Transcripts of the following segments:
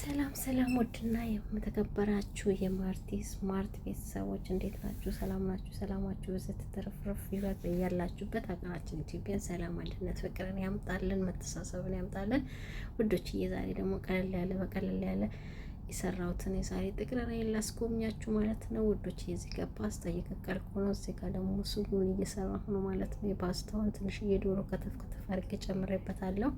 ሰላም ሰላም፣ ውድና የምተከበራችሁ የማርቲ ስማርት ቤተሰቦች እንዴት ናችሁ? ሰላም ናችሁ? ሰላማችሁ በዘት ተረፍረፍ ይበል። በያላችሁበት ሀገራችን ኢትዮጵያን ሰላም፣ አንድነት፣ ፍቅርን ያምጣልን፣ መተሳሰብን ያምጣልን። ውዶች እየዛሬ ደግሞ ቀለል ያለ በቀለል ያለ የሰራሁትን የዛሬ ጥቅረን የላስጎብኛችሁ ማለት ነው ውዶች። እዚህ ጋር ፓስታ እየቀቀልኩ ነው። እዚህ ጋር ደግሞ ስጉን እየሰራሁ ነው ማለት ነው። የፓስታውን ትንሽ የዶሮ ከተፍ ከተፍ አድርጌ ጨምሬበታለሁ።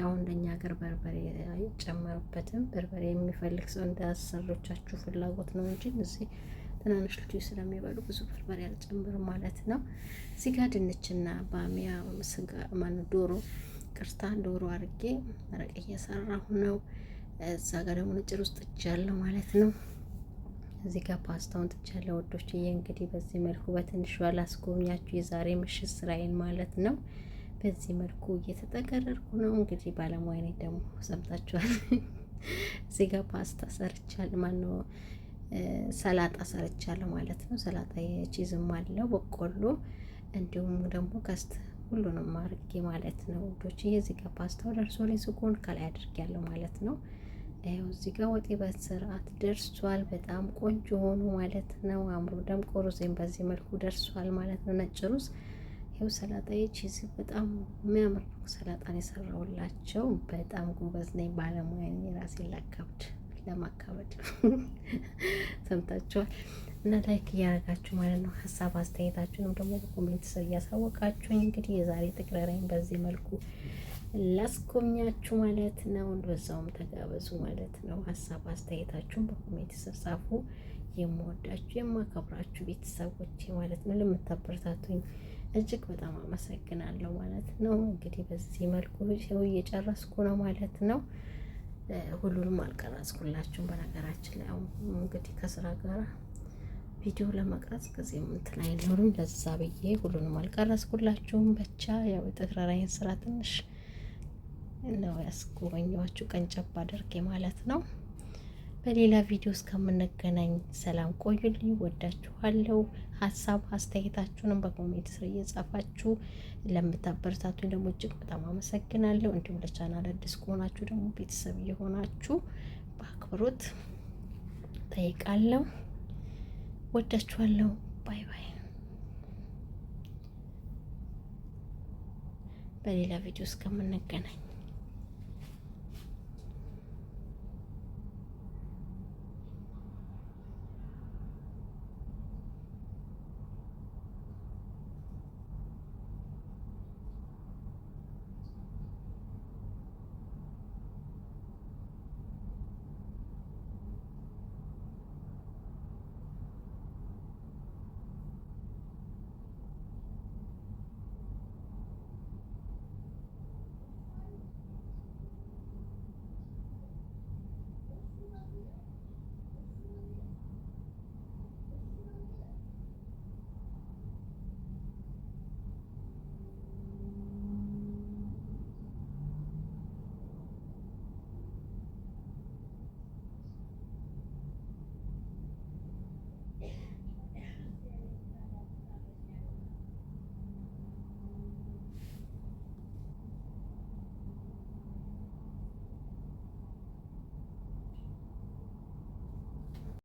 ያው እንደኛ ሀገር በርበሬ አይጨመርበትም። በርበሬ የሚፈልግ ሰው እንዳያሰሮቻችሁ ፍላጎት ነው እንጂ እዚህ ትናንሽ ልጆች ስለሚበሉ ብዙ በርበሬ አልጨምርም ማለት ነው። እዚህ ጋር ድንችና ባሚያ ስጋ ማን ዶሮ ቅርታ ዶሮ አድርጌ መረቅ እየሰራሁ ነው። እዛ ጋር ደግሞ ንጭር ውስጥ ጥጃለሁ ማለት ነው። እዚህ ጋር ፓስታውን ወዶች ወዶችዬ። እንግዲህ በዚህ መልኩ በትንሹ ያላስጎብኛችሁ የዛሬ ምሽት ስራዬን ማለት ነው። በዚህ መልኩ እየተጠቀረርኩ ነው። እንግዲህ ባለሙያ ነኝ ደግሞ ሰምታችኋል። እዚህ ጋር ፓስታ ሰርቻል ማነው ሰላጣ ሰርቻለሁ ማለት ነው። ሰላጣ የቺዝም አለው በቆሎ፣ እንዲሁም ደግሞ ከስት ሁሉንም አድርጌ ማለት ነው ውዶች። እዚህ ጋር ፓስታው ደርሶ ላይ ስጎን ከላይ አድርጌያለሁ ማለት ነው። ያው እዚህ ጋር ወጤ በስርዓት ደርሷል። በጣም ቆንጆ ሆኖ ማለት ነው አምሮ ደምቆ ሩዝም በዚህ መልኩ ደርሷል ማለት ነው ነጭ ሩዝ ይኸው ሰላጣዬ ቺዝ በጣም የሚያምር ሰላጣ ነው የሰራሁላቸው። በጣም ጎበዝ ነኝ፣ ባለሙያ ነኝ። ራሴ ላካብድ ለማካበድ ሰምታችኋል። እና ላይክ እያደረጋችሁ ማለት ነው ሀሳብ አስተያየታችሁንም ደግሞ በኮሜንት ስር እያሳወቃችሁ እንግዲህ የዛሬ ጥቅረራይን በዚህ መልኩ ላስጎብኛችሁ ማለት ነው። በዛውም ተጋበዙ ማለት ነው። ሀሳብ አስተያየታችሁን በኮሜንት ስር ጻፉ። የምወዳችሁ የማከብራችሁ ቤተሰቦቼ ማለት ነው ለምታበረታቱኝ እጅግ በጣም አመሰግናለሁ ማለት ነው። እንግዲህ በዚህ መልኩ ሰው እየጨረስኩ ነው ማለት ነው። ሁሉንም አልቀረጽኩላችሁም። በነገራችን ላይ እንግዲህ ከስራ ጋር ቪዲዮ ለመቅረጽ ጊዜ እንትን አይኖርም። ለዛ ብዬ ሁሉንም አልቀረጽኩላችሁም። ብቻ ያው የጥፍራራይን ስራ ትንሽ ነው ያስጎበኘኋችሁ ቀንጨብ አድርጌ ማለት ነው። በሌላ ቪዲዮ እስከምንገናኝ ሰላም ቆዩልኝ። ወዳችኋለሁ። ሀሳብ አስተያየታችሁንም በኮሜንት ስር እየጻፋችሁ ለምታበረታቱኝ ደግሞ እጅግ በጣም አመሰግናለሁ። እንዲሁም ለቻናል አዲስ ከሆናችሁ ደግሞ ቤተሰብ የሆናችሁ በአክብሮት ጠይቃለሁ። ወዳችኋለሁ። ባይ ባይ። በሌላ ቪዲዮ እስከምንገናኝ